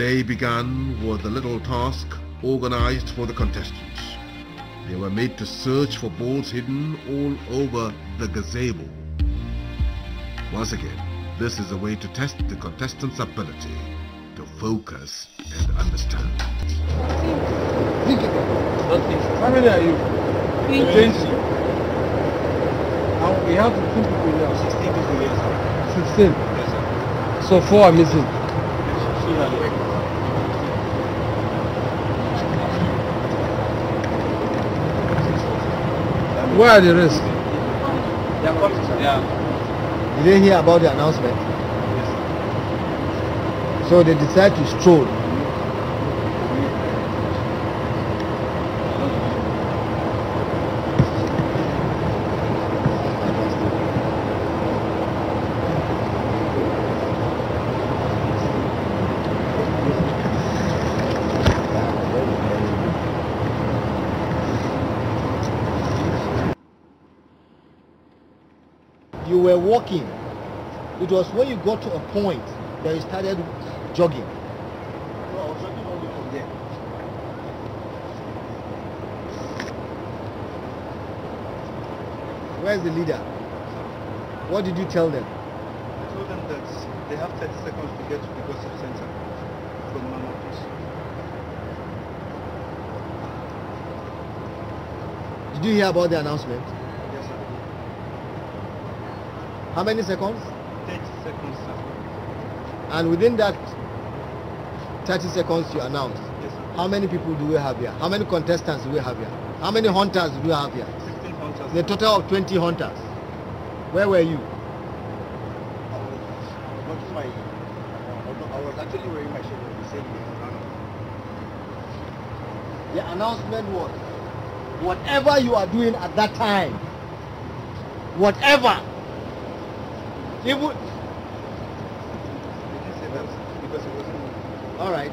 day began with a little task organized for the contestants. They were made to search for balls hidden all over the gazebo. Once again, this is a way to test the contestants' ability to focus and understand. Think. Think. Think. How many are you? Twenty. Now we have 15 people here. 16 people here, 16? Yes, sir. So four are missing. Where are the rest? They are coming, sir. Yeah. Did they hear about the announcement? Yes. So they decide to stroll. were walking. It was when you got to a point that you started jogging. Where's the leader? What did you tell them? I told them that they have 30 seconds to get to the gossip center from Mama Peace. Did you hear about the announcement? How many seconds? 30 seconds, sir. And within that 30 seconds you announce, yes, how many people do we have here? How many contestants do we have here? How many hunters do we have here? 16 hunters. The total of 20 hunters. Where were you? I was, not my, uh, I was actually wearing my shirt The announcement was, whatever you are doing at that time, whatever It would. All right.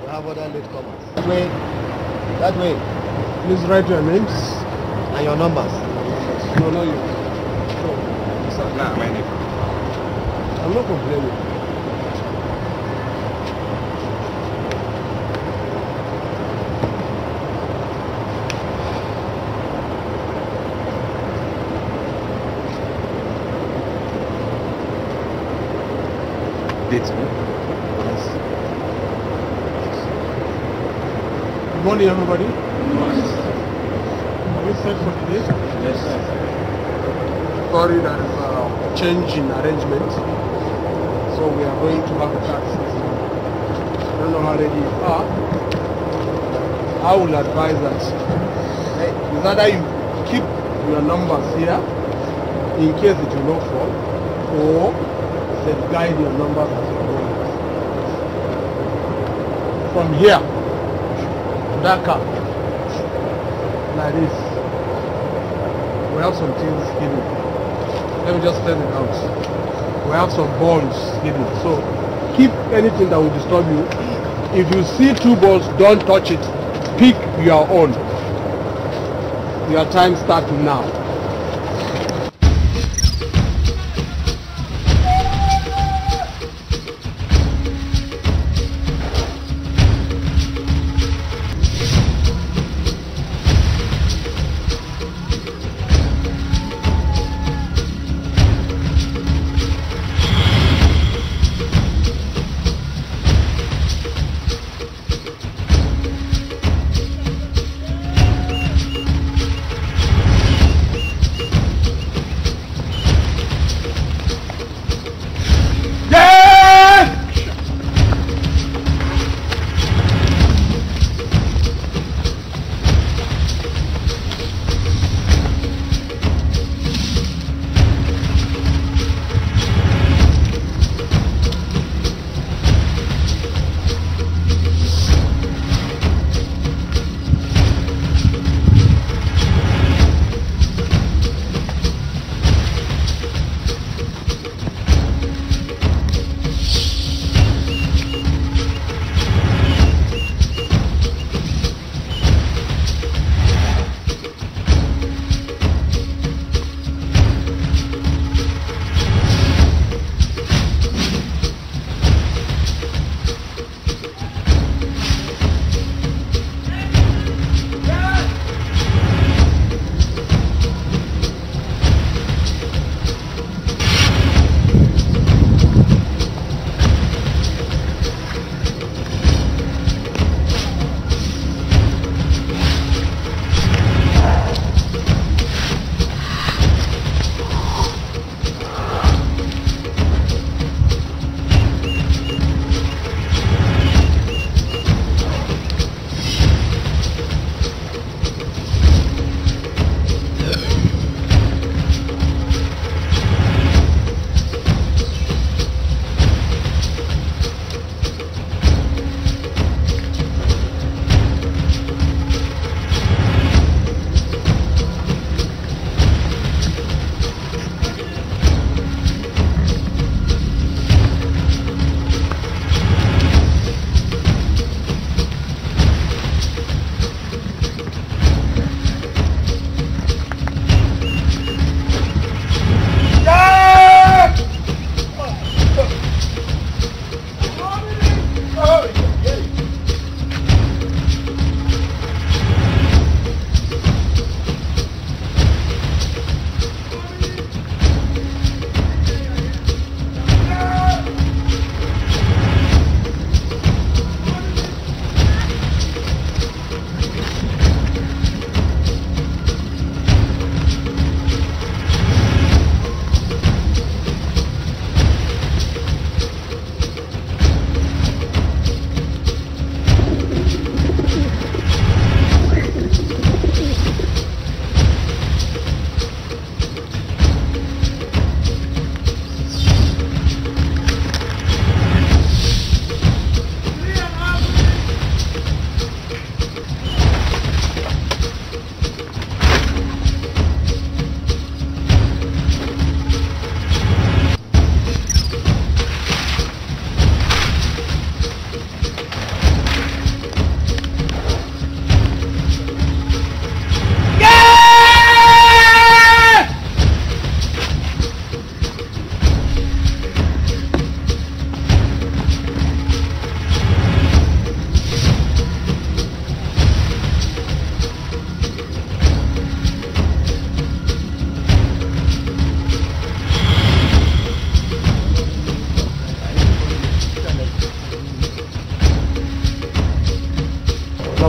We have other latecomers. That way. That way. Please write your names and your numbers. No, no, you. Sure. Nah, my name. I'm not complaining. rates, man. Good morning, everybody. Good morning. Are we set for today? Yes, sir. Sorry, there is a change in arrangement. So we are going to have a taxi. I don't know how ready you are. I will advise that hey, is either you keep your numbers here in case it will not fall or guide your number From here to Dhaka, like this, we have some things hidden. Let me just turn it out. We have some balls hidden. So keep anything that will disturb you. If you see two balls, don't touch it. Pick your own. Your time starts now.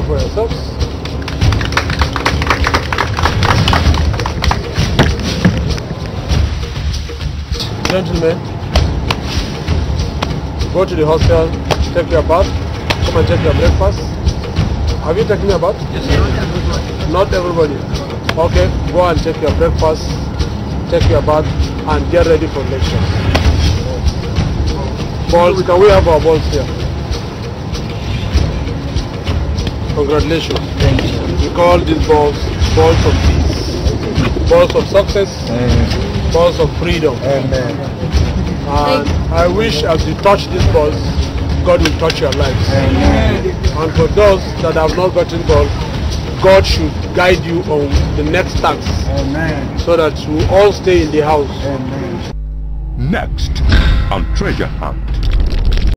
Vamos por Gentlemen, go to the hospital, take your bath, come and take your breakfast. Have you taken your bath? Yes, sir. Not everybody. Okay, go and take your breakfast, take your bath, and get ready for lectures. Balls, can we have our balls here? Congratulations. Thank you. We call these balls balls of peace, balls of success, Amen. balls of freedom. Amen. And I wish as you touch these balls, God will touch your lives. Amen. And for those that have not gotten balls, God should guide you on the next task. Amen. So that you all stay in the house. Amen. Next on Treasure Hunt.